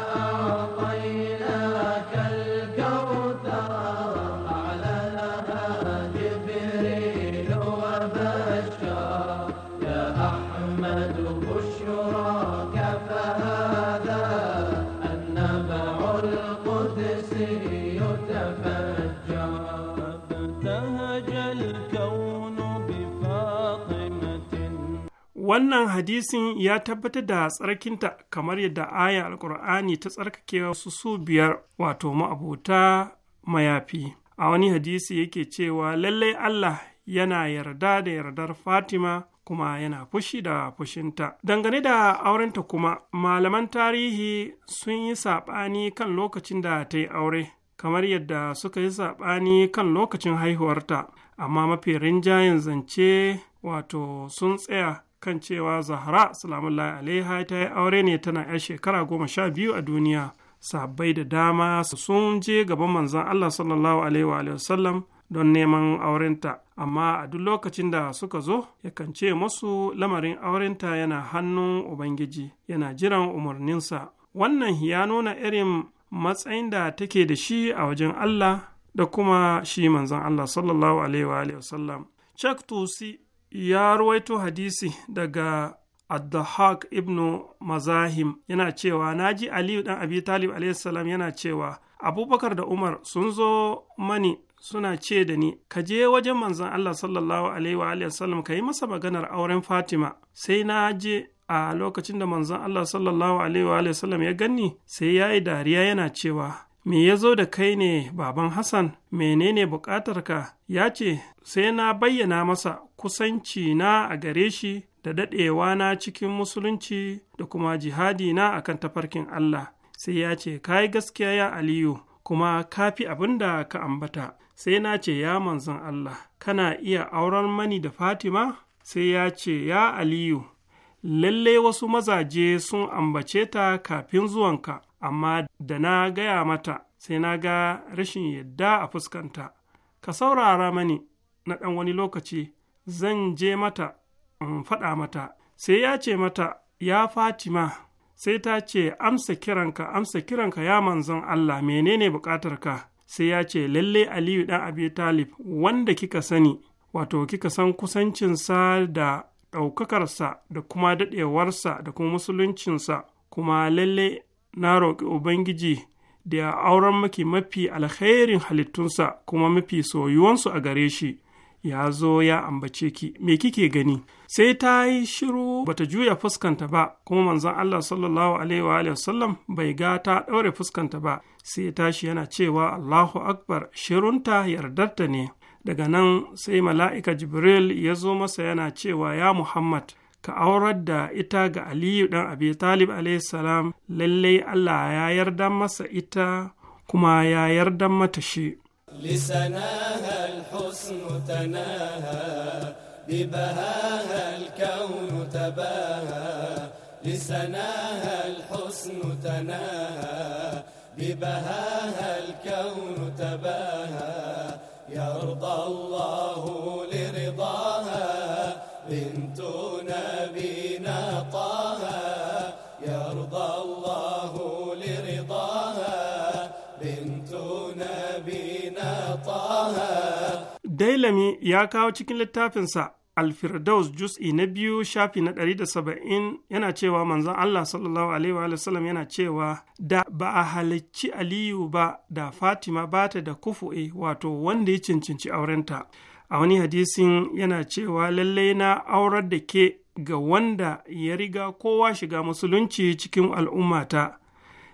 wannan hadisin ya tabbatar da tsarkinta kamar yadda aya alkur'ani ta tsarkake wasu su biyar wato ma'abuta mayafi a wani hadisi yake cewa lallai allah yana yarda da yardar fatima kuma yana fushi da fushinta dangane da aurenta kuma malaman tarihi sun yi saɓani kan lokacin da ta yi aure kamar yadda suka yi saɓani kan lokacin haihuwarta amma mafi rinjayen zance wato sun tsaya kan cewa zahra salamullahi alaiha ta yi aure ne tana 'yar shekara goma sha biyu a duniya sabbai da dama sun je gaban manzon allah sallallahu alaihi wa sallam don neman aurenta amma a duk lokacin da suka zo yakan ce masu lamarin aurenta yana hannun ubangiji yana jiran umarninsa wannan ya nuna irin matsayin da take da shi a wajen allah da kuma shi manzon allah sallallahu alaihi wa sallam Chak Tusi ya ruwaito hadisi daga Addahak ibn Mazahim yana cewa naji Aliyu dan Abi Talib salam yana cewa Abubakar da Umar sun zo mani suna ce da ni ka je wajen manzon Allah sallallahu alaihi wa sallam ka yi masa maganar auren Fatima sai na je a lokacin da manzon Allah sallallahu alaihi wa sallam ya ganni sai yayi dariya yana cewa Me ya zo da kai ne baban Hassan, menene bukatarka? Ya ce, sai na bayyana masa kusanci na a gare shi da daɗewa na cikin musulunci da kuma jihadi na a kan tafarkin Allah. Sai ya ce, ka yi gaskiya ya Aliyu, kuma ka fi abin da ka ambata. Sai na ce, ya manzan Allah, kana iya auren mani da Fatima? Sai ya ce, ya Aliyu, Lallai wasu mazaje sun ambace ta kafin zuwanka. amma da na gaya mata sai na ga rashin yadda a fuskanta ka saurara mani na ɗan wani lokaci zan je mata in faɗa mata sai ya ce mata ya fatima sai ta ce amsa kiranka amsa kiranka ya manzon allah menene buƙatarka sai ya ce lalle aliyu ɗan abi talib wanda kika sani wato kika san kusancinsa da ɗaukakarsa da kuma daɗewarsa da kuma musuluncinsa kuma lalle na roƙi ubangiji da ya auren maki mafi alkhairin halittunsa kuma mafi soyuwansu a gare shi ya zo ya ambace ki me kike gani sai ta yi shiru bata juya fuskanta ba kuma manzon Allah sallallahu alaihi wa sallam bai ga ta ɗaure fuskanta ba sai tashi yana cewa Allahu akbar shirunta yardarta ne daga nan sai mala'ika jibril ya zo masa yana cewa ya muhammad ka aurar da ita ga aliyu ɗan abi talib salam lallai allah ya yarda masa ita kuma ya yarda mata shi لسناها الحسن ببهاها الكون تباها يرضى الله dailami ya kawo cikin littafinsa alfirdaus jus'i na biyu shafi na ɗari da saba'in yana cewa manzon Allah sallallahu alaihi wasallam yana cewa da ba a halicci aliyu ba da fatima ba ta da kufu'e wato wanda ya cincinci aurenta a wani hadisin yana cewa lallai na aurar da ke ga wanda ya riga kowa shiga musulunci cikin al'ummata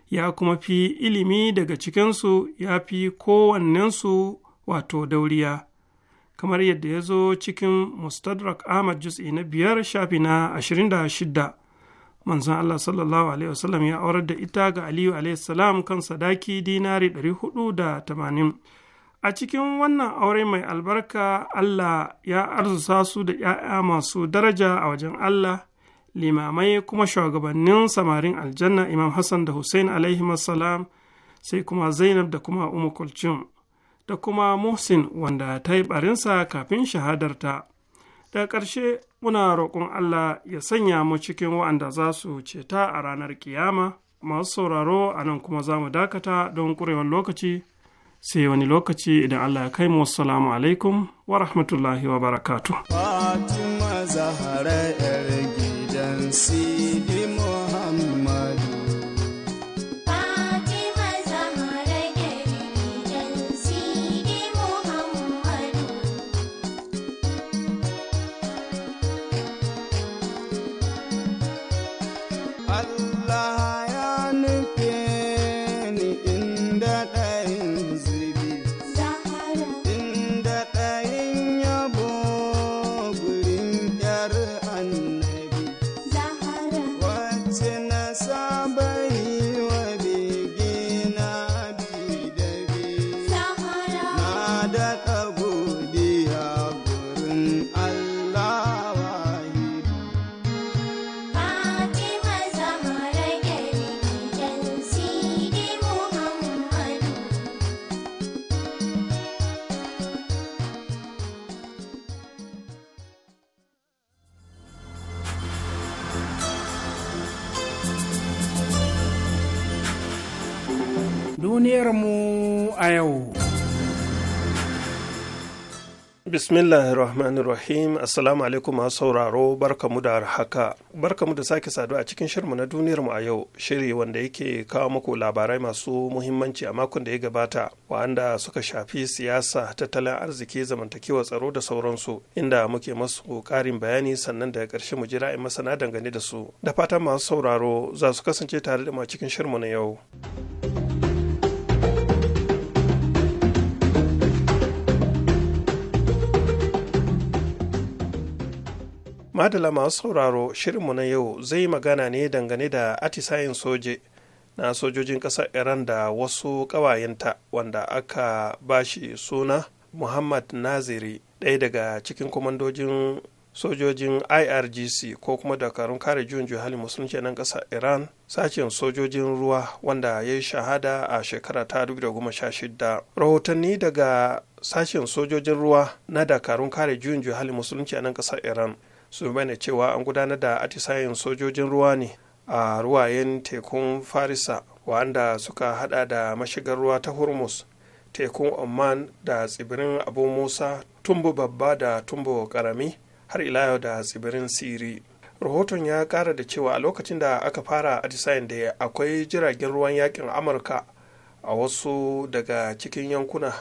ya kuma fi ilimi daga cikinsu ya fi kowannensu wato dauriya kamar yadda ya zo cikin mustadrak ahmad jus'i na biyar shafi na 26 manzon allah sallallahu alaihi wasallam ya aurar da ita ga aliyu alaihi salam kan sadaki dinari da tamanin. a cikin wannan aure mai albarka allah ya arzusa su da 'ya'ya masu daraja a wajen allah limamai kuma shugabannin samarin aljanna imam hassan da hussein alaihi salam sai kuma zainab da kuma umu kulcin da kuma Mohsin wanda ta yi barinsa kafin shahadarta. Daga ƙarshe muna roƙon Allah ya sanya mu cikin wa'anda za su ceta a ranar ƙiyama, Masu sauraro a nan kuma za mu dakata don ƙurewar lokaci sai wani lokaci idan Allah ya kai mu salamu alaikum wa rahmatullahi wa barakatu. Fatima 'yar gidan si bismillahir rahmanir assalamu alaikum masu sauraro barkamu da haka barkamu da sake saduwa a cikin shirmu na duniyarmu a yau shiri wanda yake kawo muku labarai masu muhimmanci a makon da ya gabata wanda suka shafi siyasa tattalin arziki zamantakewa tsaro da sauransu inda muke masu karin bayani sannan daga karshe mu jira in masana dangane da su da fatan masu sauraro za su kasance tare da mu a cikin shirmu na yau. madala masu sauraro shirinmu na yau zai magana ne dangane da atisayin soje na sojojin ƙasar iran da wasu ƙawayenta wanda aka bashi suna muhammad naziri ɗaya daga cikin komandojin sojojin irgc ko kuma dakarun kare juyin juhali musulunci nan ƙasar iran sashen sojojin ruwa wanda ya yi shahada a shekara ta 2016 rahotanni daga sashen sojojin ruwa na dakarun kare juyin juhali musulunci nan ƙasar iran sun bayyana cewa an gudanar da atisayen sojojin ruwa ne a ruwayen tekun farisa wanda suka hada da mashigar ruwa ta hormuz tekun oman da tsibirin abu musa tumbu babba da tumbu karami har ilayo da tsibirin siri rahoton ya kara da cewa a lokacin da aka fara atisayen da akwai jiragen ruwan yakin amurka a wasu daga cikin yankuna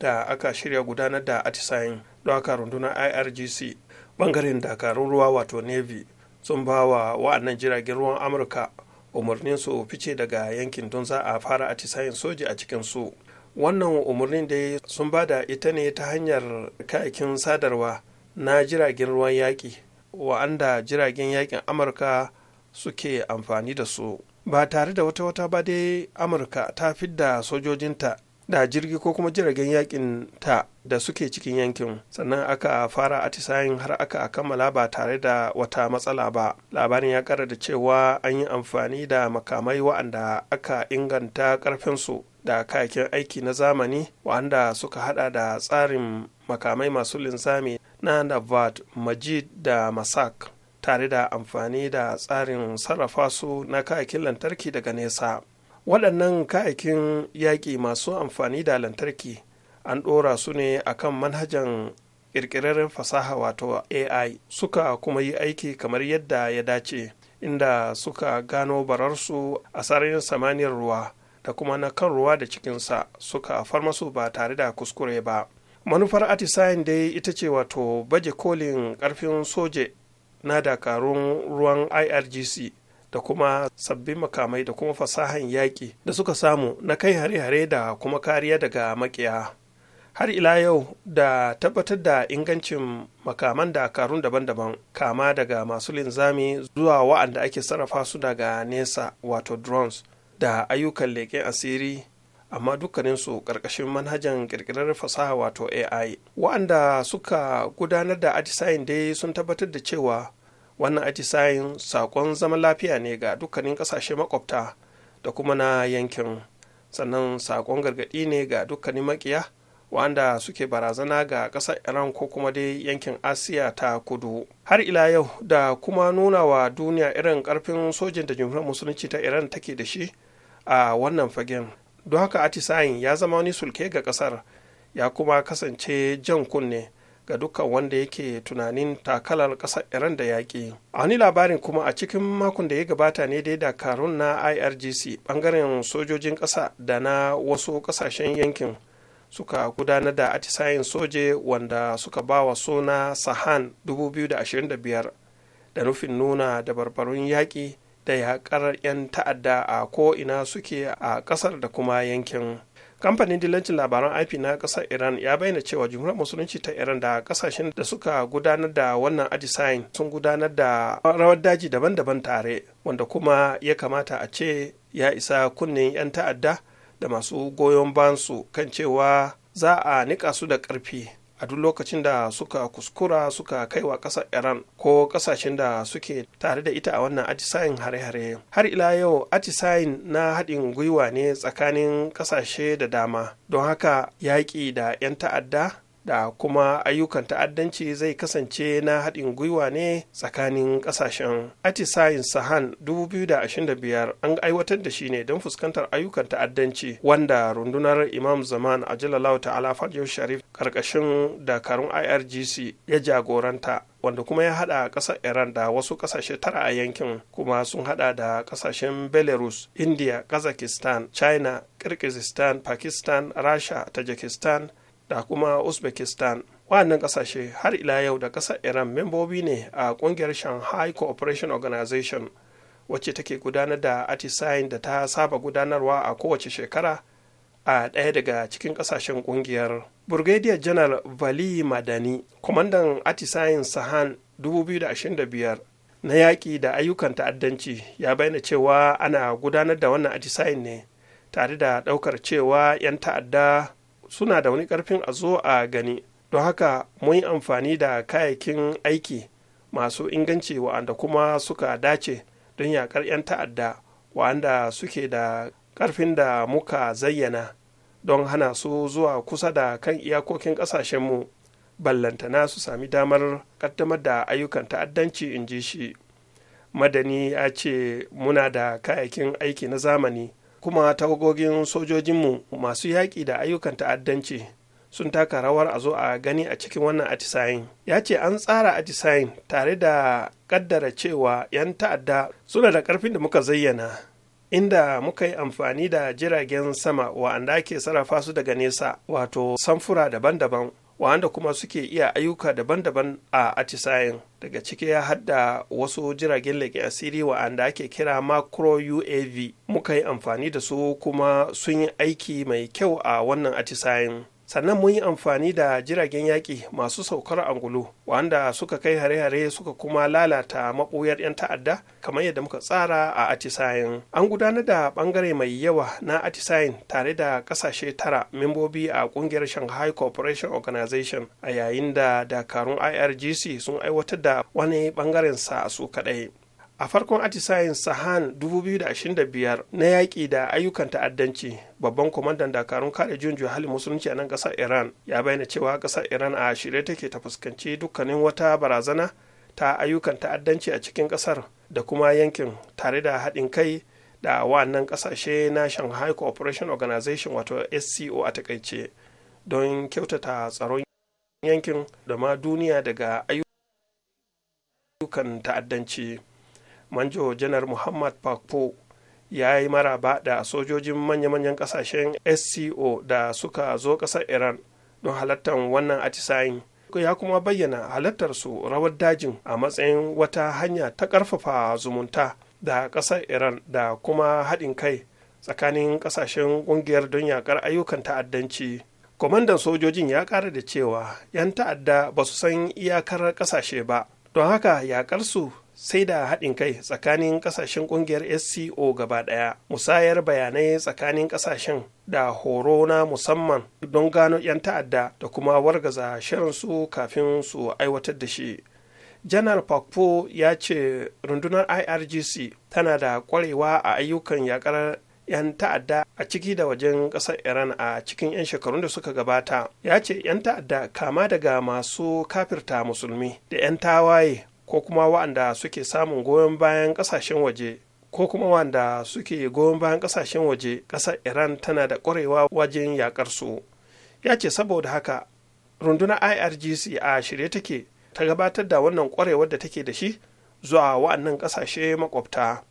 da aka shirya gudanar da atisayen don haka rundunar irgc bangaren dakarun ruwa wato navy sun ba wa wa'annan jiragen ruwan amurka umarnin su fice daga yankin don za a fara atisayen soji a cikin su wannan umarnin da sun ba da ita ne ta hanyar kayakin sadarwa na jiragen ruwan yaƙi wa'anda jiragen yaƙin amurka suke amfani da su ba tare da wata wata ba dai amurka ta fidda sojojinta da jirgi ko kuma jiragen yakin ta da suke cikin yankin sannan aka fara atisayin har aka kammala ba tare da wata matsala ba labarin ya kara da cewa an yi amfani da makamai wa'anda aka inganta karfinsu da kayakin aiki na zamani wa'anda suka hada da tsarin makamai masu linzami na navad majid da masak tare da amfani da tsarin sarrafa su na kayakin lantarki daga nesa waɗannan kayakin yaƙi masu amfani da lantarki an ɗora su ne akan manhajan ƙirƙirarren fasaha wato ai suka kuma yi aiki kamar yadda ya dace inda suka gano bararsu a sararin samaniyar ruwa da kuma na kan ruwa da cikinsa suka su ba tare da kuskure ba manufar atisayen dai ita ce wato baje kolin ƙarfin soje na dakarun ruwan irgc da kuma sabbin makamai da kuma fasahan yaƙi da suka samu na kai hare-hare da kuma kariya daga makiya har ila yau da tabbatar da ingancin makaman dakarun daban-daban kama daga masu linzami zuwa wa'anda ake sarrafa su daga nesa wato drones da ayyukan leƙen asiri amma dukkaninsu ƙarƙashin manhajan ƙirƙirar fasaha wato ai wa'anda suka gudanar da atisayin dai sun tabbatar da cewa wannan atisayin sakon zaman lafiya ne ga dukkanin kasashe makwabta da kuma na yankin sannan sakon gargadi ne ga dukkanin makiya wanda suke barazana ga ƙasar iran ko kuma dai yankin asiya ta kudu har ila yau da kuma nuna wa duniya irin karfin sojin da jimhuriyar musulunci ta iran take da shi a wannan fagen don haka atisayin ya zama wani sulke ga ƙasar ya kuma kasance jan kunne ga dukkan wanda yake tunanin takalar ƙasar iran da yaƙi a wani labarin kuma a cikin makon da ya gabata ne dai dakarun na irgc ɓangaren sojojin ƙasa da na wasu ƙasashen yankin suka gudanar da atisayen soje wanda suka ba wa suna sahan 2025 da nufin nuna dabarbarun yaƙi da yaƙar 'yan ta'adda a ko'ina suke a ƙasar da kuma yankin kamfanin dilancin labaran ip na kasar iran ya bayyana cewa jumhuriyar musulunci ta iran da kasashen da suka gudanar da wannan atisayin sun gudanar da rawar daji daban-daban tare wanda kuma ya kamata a ce ya isa kunnen 'yan ta'adda da masu goyon bansu kan cewa za a niƙa su da ƙarfi a duk lokacin da suka kuskura suka kaiwa ƙasar iran ko ƙasashen da suke tare da ita a wannan atisayin hare-hare har ila yau atisayin na haɗin gwiwa ne tsakanin ƙasashe da dama don haka yaƙi da 'yan ta'adda da kuma ayyukan ta'addanci zai kasance na haɗin gwiwa ne tsakanin ƙasashen atisayin sahan 2025 an aiwatar da shi ne don fuskantar ayyukan ta'addanci wanda rundunar imam zaman a jalalau ta'ala yau sharif ƙarƙashin dakarun irgc ya jagoranta wanda kuma ya hada kasar iran da wasu kasashe tara a yankin kuma sun hada da kasashen belarus india kazakistan china kirgizistan pakistan rasha tajikistan da kuma uzbekistan waɗannan ƙasashe har ila yau da ƙasar iran membobi ne a ƙungiyar shanghai cooperation organization wacce take gudanar da atisayin da ta saba gudanarwa a kowace shekara a ɗaya daga cikin ƙasashen ƙungiyar brigadier general vali madani kwamandan atisayin sahan 2025 na yaƙi da ayyukan ta'addanci ya bayyana cewa ana gudanar da wannan atisayin ne tare da ɗaukar cewa 'yan ta'adda suna da wani karfin a zo a gani don haka mun yi amfani da kayayyakin aiki masu inganci wa'anda kuma suka dace don yakar 'yan ta'adda wa'anda suke da karfin da muka zayyana don hana su zuwa kusa da kan iyakokin ƙasashenmu ballantana su sami damar kaddamar da ayyukan ta'addanci in ji shi madani ya ce muna da kayayyakin aiki na zamani kuma tawagogin sojojinmu masu yaƙi da ayyukan ta'addanci sun taka rawar a zo a gani a cikin wannan atisayin ya ce an tsara atisayin tare da ƙaddara cewa 'yan ta'adda suna da ƙarfin da muka zayyana inda muka yi amfani da jiragen sama wa'anda ke sarrafa su daga nesa wato samfura daban-daban wanda kuma suke iya ayyuka daban-daban a atisayen daga ciki ya hada wasu jiragen lake asiri wa'anda ake kira macro uav muka yi amfani da su kuma sun yi aiki mai kyau a wannan atisayen sannan mun yi amfani da jiragen yaƙi masu saukar angulu wanda suka kai hare-hare suka kuma lalata maɓoyar 'yan ta'adda kamar yadda muka tsara a atisayen an gudanar da ɓangare mai yawa na atisayen tare da ƙasashe tara membobi a ƙungiyar shanghai corporation organization a yayin da dakarun irgc sun aiwatar da wani ɓangaren sa su kaɗai a farkon atisayen sahan 2025 na yaƙi da ayyukan ta'addanci babban kwamandan dakarun kare juyin halin musulunci a nan ƙasar iran ya bayyana cewa ƙasar iran a shirye take ta fuskanci dukkanin wata barazana ta ayyukan ta'addanci a cikin ƙasar da kuma yankin tare da haɗin kai da wannan ƙasashe na shanghai cooperation organization wato sco a takaice don kyautata tsaron yankin da ma duniya daga ayyukan ta'addanci manjo janar muhammad pakpo ya yi maraba da sojojin manya-manyan kasashen sco da suka zo kasar iran don halartar wannan atisayin ya kuma bayyana halartar su rawar dajin a matsayin wata hanya ta ƙarfafa zumunta da ƙasar iran da kuma haɗin kai tsakanin ƙasashen ƙungiyar don yaƙar ayyukan ta'addanci kwamandan sojojin ya ƙara da cewa 'yan ta'adda ba su san iyakar ƙasashe ba don haka yaƙarsu sai da haɗin kai tsakanin ƙasashen ƙungiyar sco gaba ɗaya musayar bayanai tsakanin ƙasashen da horo na musamman don gano 'yan ta'adda da kuma wargaza su kafin su aiwatar da shi janar pakpo ya ce rundunar irgc tana da ƙwarewa a ayyukan yakar 'yan ta'adda a ciki da wajen ƙasar iran a cikin 'yan shekarun da suka gabata ya ce 'yan ta'adda kama daga masu kafirta musulmi da 'yan tawaye ko kuma wa'anda suke samun goyon bayan ƙasashen waje ko kuma wanda suke goyon bayan ƙasashen waje ƙasar iran tana da ƙwarewa wajen yaƙar su ya ce saboda haka rundunar irgc a shirye take ta gabatar da wannan ƙwarewar da take da shi zuwa wa'annan ƙasashe makwabta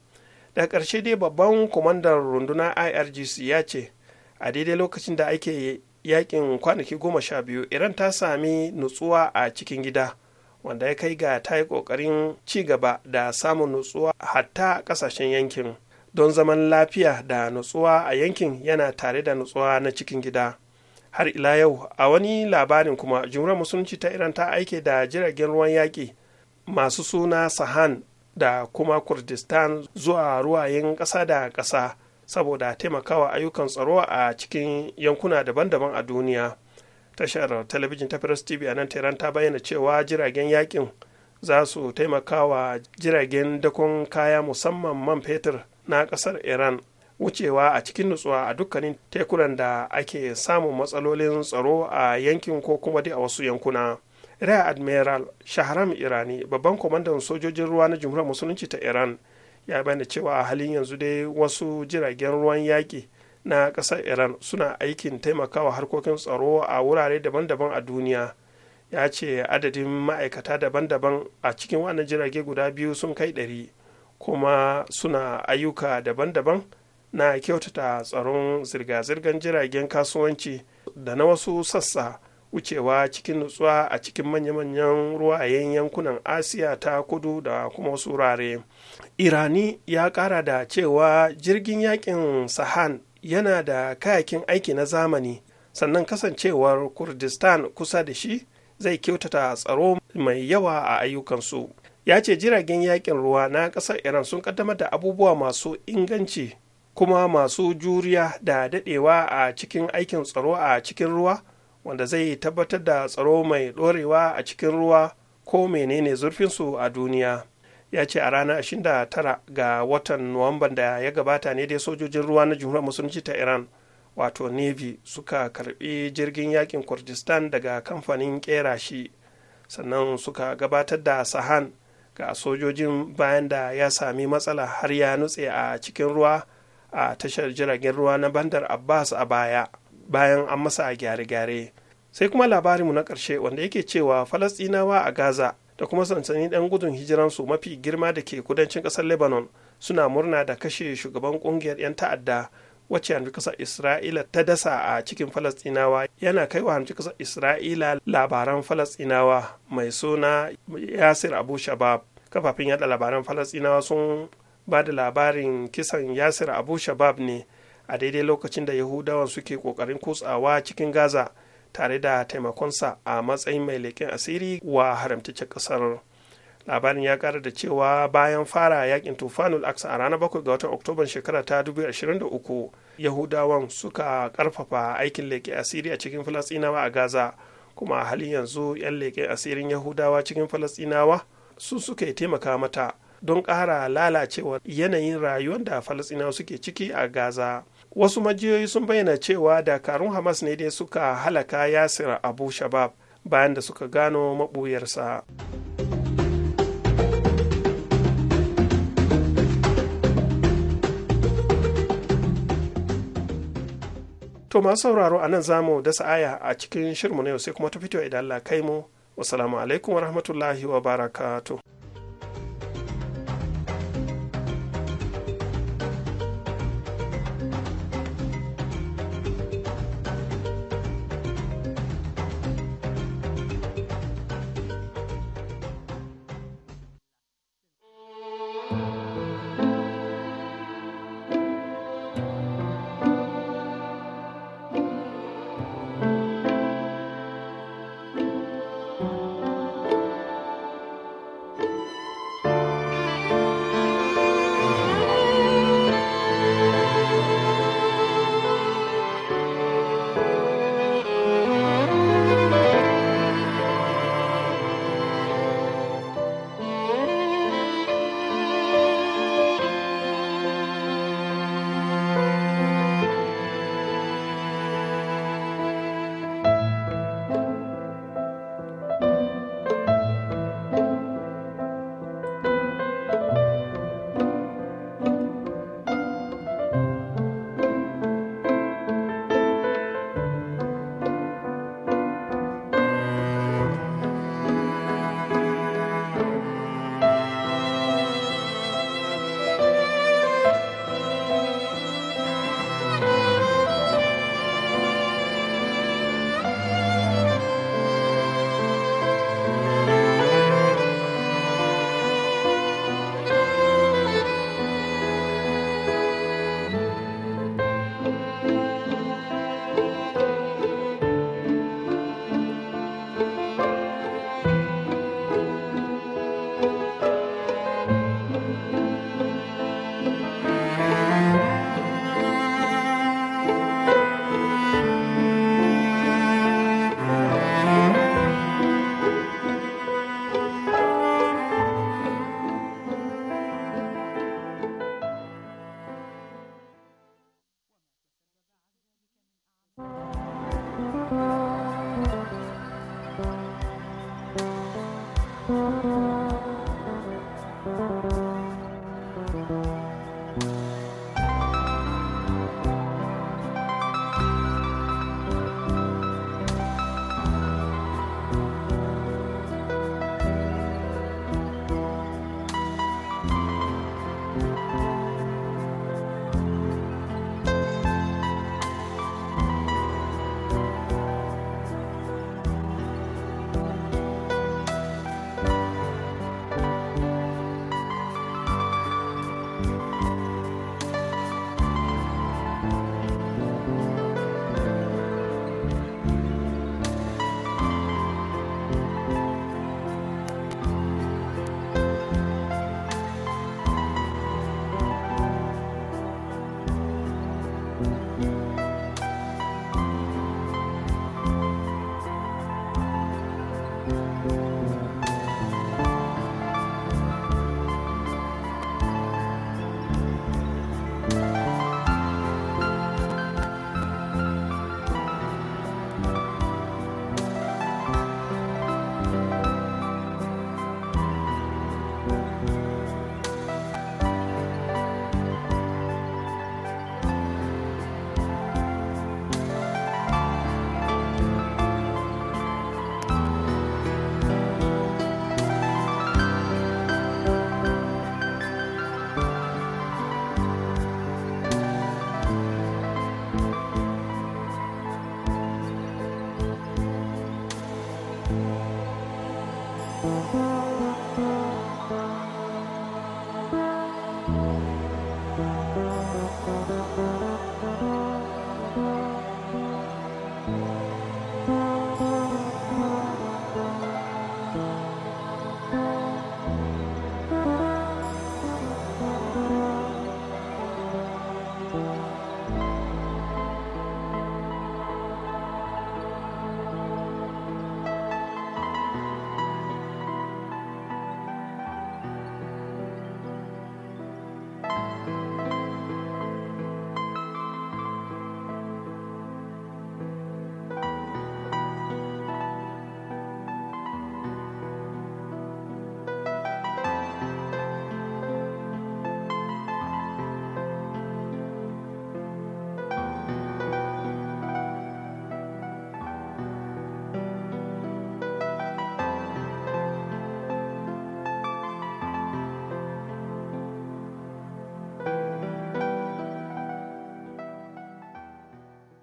daga ƙarshe dai babban kwamandan rundunar irgc ya ce a daidai lokacin da ake yakin kwanaki goma sha biyu iran ta sami nutsuwa a cikin gida wanda ya kai ga ta yi ƙoƙarin ci gaba da samun nutsuwa hatta ƙasashen yankin don zaman lafiya da nutsuwa a yankin yana tare da nutsuwa na cikin gida har ila yau a wani labarin kuma jumhuriyar musulunci ta iran ta aike da jiragen ruwan yaƙi masu suna sahan da kuma kurdistan zuwa ruwayen ƙasa da ƙasa saboda taimakawa ayyukan tsaro a cikin yankuna daban-daban a duniya tashar talabijin ta press tv a nan tehran ta bayyana cewa jiragen yakin za su taimaka wa jiragen dakon kaya musamman man fetur na kasar iran wucewa a cikin nutsuwa a dukkanin tekunan da ake samun matsalolin tsaro a yankin ko kuma dai a wasu yankuna rear admiral shahram irani babban kwamandan sojojin ruwa na jamhuriyar musulunci ta iran ya bayyana cewa a halin yanzu dai wasu jiragen ruwan yaƙi na ƙasar iran suna aikin taimakawa harkokin tsaro a wurare daban-daban a duniya ya ce adadin ma'aikata daban-daban a cikin wannan jirage guda biyu sun kai ɗari kuma suna ayyuka daban-daban na kyautata tsaron zirga-zirgar jiragen kasuwanci da na wasu sassa wucewa cikin nutsuwa a cikin manya-manyan ruwayen yankunan asiya ta kudu da kuma wasu wurare irani ya kara da cewa jirgin yakin sahan yana da kayakin aiki na zamani sannan kasancewar kurdistan kusa da shi zai kyautata tsaro mai yawa a ayyukansu ya ce jiragen yakin ruwa na ƙasar iran sun kaddamar da abubuwa masu inganci kuma masu juriya da dadewa a cikin aikin tsaro a cikin ruwa wanda zai tabbatar da tsaro mai ɗorewa a cikin ruwa ko menene zurfinsu a duniya ya ce a ranar 29 ga watan nuwamban da ya gabata ne dai sojojin ruwa na jumhuriyar musulunci ta iran wato navy suka karbi jirgin yakin kurdistan daga kamfanin kera shi sannan suka gabatar da sahan ga sojojin bayan da ya sami matsala har ya nutse a cikin ruwa a tashar jiragen ruwa na bandar abbas a baya bayan an masa gyare-gyare sai kuma labarinmu na ƙarshe wanda yake cewa falasɗinawa a gaza da kuma sansanin ɗan gudun hijiransu mafi girma da ke kudancin ƙasar lebanon suna murna da kashe shugaban ƙungiyar 'yan ta'adda wacce hamci ƙasar isra'ila ta dasa a cikin falastinawa yana kai wa hamci ƙasar isra'ila labaran falastinawa mai suna yasir abu shabab kafafen yada labaran falastinawa sun ba da labarin kisan yasir abu shabab ne a daidai lokacin da yahudawan suke ƙoƙarin kutsawa cikin gaza tare da taimakonsa a matsayin mai leƙen asiri wa haramtacce ƙasar labarin ya ƙara da cewa bayan fara yakin tufanul aksa a ranar 7 ga watan oktoban shekara ta 2023 yahudawan suka ƙarfafa aikin leƙe asiri a cikin falasinawa a gaza kuma a halin yanzu 'yan leƙen asirin yahudawa cikin falasinawa su suka taimaka mata don ƙara lalacewa yanayin rayuwar da falasinawa suke ciki a gaza wasu majiyoyi sun bayyana cewa dakarun hamas ne dai suka halaka yasir abu shabab bayan da suka gano maɓuyarsa. To masu sauraro a nan za mu dasa aya a cikin shirmu na yau sai kuma ta fito idan Allah kai mu. Wasalamu alaikum wa rahmatullahi wa barakatuh.